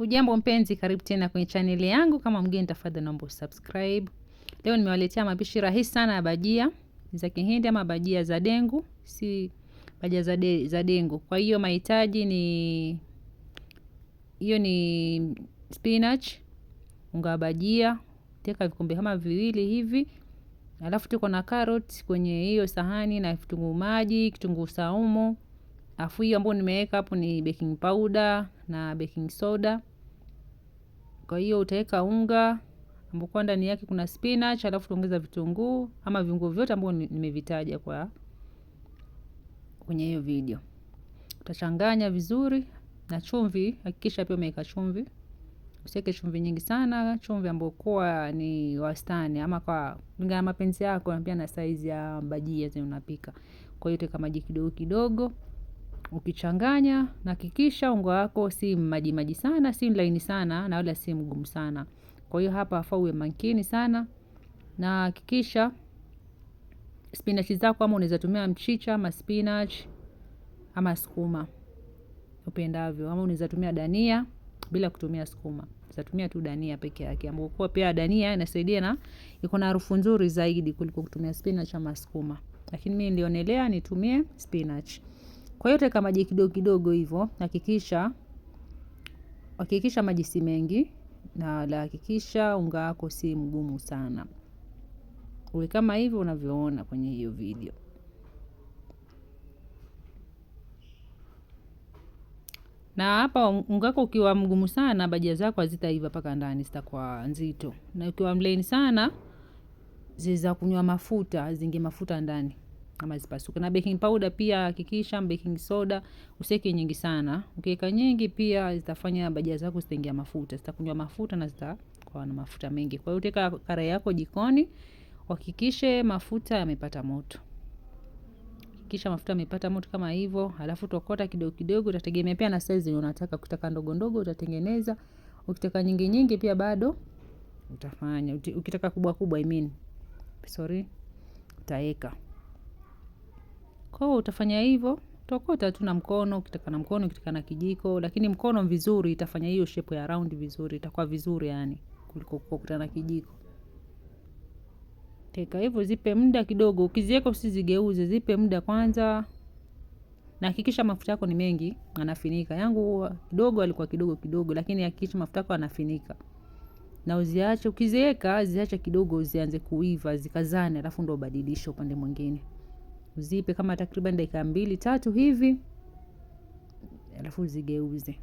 Ujambo mpenzi, karibu tena kwenye chaneli yangu. Kama mgeni, tafadhali naomba usubscribe. Leo nimewaletea mapishi rahisi sana ya bajia za Kihindi ama bajia za dengu, si bajia za, de, za dengu. Kwa hiyo mahitaji ni hiyo ni spinach, unga wa bajia, teka vikombe kama viwili hivi, alafu tuko na carrot kwenye hiyo sahani na vitunguu maji, kitunguu saumu, afu hiyo ambayo nimeweka hapo ni baking powder na baking soda kwa hiyo utaweka unga ambapo ndani yake kuna spinach, alafu utaongeza vitunguu ama viungo vyote ambavyo nimevitaja kwa kwenye hiyo video. Utachanganya vizuri na chumvi, hakikisha pia umeweka chumvi. Usiweke chumvi nyingi sana, chumvi ambayo kwa ni wastani ama kwa kulingana mapenzi yako na pia na size ya bajia zenye unapika. Kwa hiyo utaweka maji kidogo kidogo. Ukichanganya na hakikisha unga wako si maji maji sana, si laini sana na wala si mgumu sana. Kwa hiyo hapa afa uwe makini sana na hakikisha spinach zako ama unaweza tumia mchicha ama spinach ama sukuma upendavyo ama unaweza tumia dania bila kutumia sukuma Unaweza tumia tu dania peke yake ambapo kwa pia dania inasaidia na iko na harufu nzuri zaidi kuliko kutumia spinach ama sukuma lakini mi nilionelea nitumie spinach. Kwa hiyo teka maji kidogo kidogo hivyo, hakikisha hakikisha maji si mengi, na hakikisha unga wako si mgumu sana, uwe kama hivyo unavyoona kwenye hiyo video. Na hapa unga wako ukiwa mgumu sana, bajia zako hazitaiva mpaka ndani, zitakuwa nzito, na ukiwa mlaini sana ziza kunywa mafuta, zingi mafuta ndani kama zipasuke. Na baking powder pia hakikisha baking soda usiweke nyingi sana. Ukiweka nyingi pia zitafanya bajia zako zitaingia mafuta, zitakunywa mafuta na zitakuwa na mafuta mengi. Kwa hiyo uteka karai yako jikoni, uhakikishe mafuta yamepata moto. Kisha mafuta yamepata moto kama hivyo, halafu tokota kidogo kidogo, utategemea pia na size unataka. Ukitaka ndogo ndogo utatengeneza, ukitaka nyingi nyingi pia bado utafanya, ukitaka kubwa kubwa I mean, sorry, utaweka kwa hiyo utafanya hivyo, utaokota tu na mkono, ukitaka na mkono, ukitaka na kijiko, lakini mkono vizuri itafanya hiyo shape ya round vizuri, itakuwa vizuri yani kuliko kuokota na kijiko. Teka hivyo zipe muda kidogo, ukiziweka usizigeuze, zipe muda kwanza. Na hakikisha mafuta yako ni mengi, anafinika. Yangu kidogo alikuwa kidogo kidogo, lakini hakikisha mafuta yako anafinika Na uziache, ukiziweka, ziache kidogo zianze kuiva, zikazane, alafu ndo ubadilishe upande mwingine uzipe kama takriban dakika mbili tatu hivi, alafu zigeuze.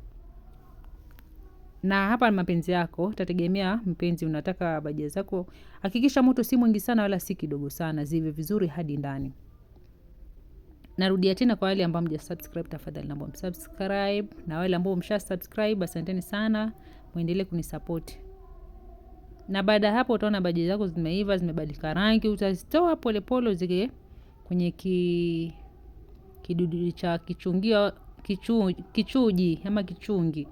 Na hapa mapenzi yako tategemea mpenzi, unataka bajia zako. Hakikisha moto si mwingi sana wala si kidogo sana, zive vizuri hadi ndani. Narudia tena kwa wale ambao mja subscribe, tafadhali naomba msubscribe, na wale ambao msha subscribe, asanteni sana, muendelee kunisupport. Na baada ya hapo, utaona bajia zako zimeiva, zimebadilika rangi, utazitoa polepole zige kwenye ki, kidudu cha kichungio kichu, kichuji ama kichungi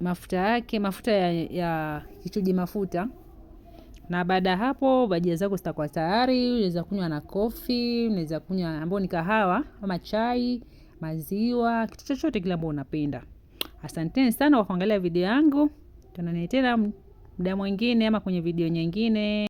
mafuta yake mafuta ya, ya kichuji mafuta na baada ya hapo bajia zako zitakuwa tayari. Unaweza kunywa na kofi, unaweza kunywa ambao ni kahawa ama chai, maziwa, kitu chochote kile ambao unapenda. Asanteni sana kwa kuangalia video yangu, tuonane tena muda mwingine ama kwenye video nyingine.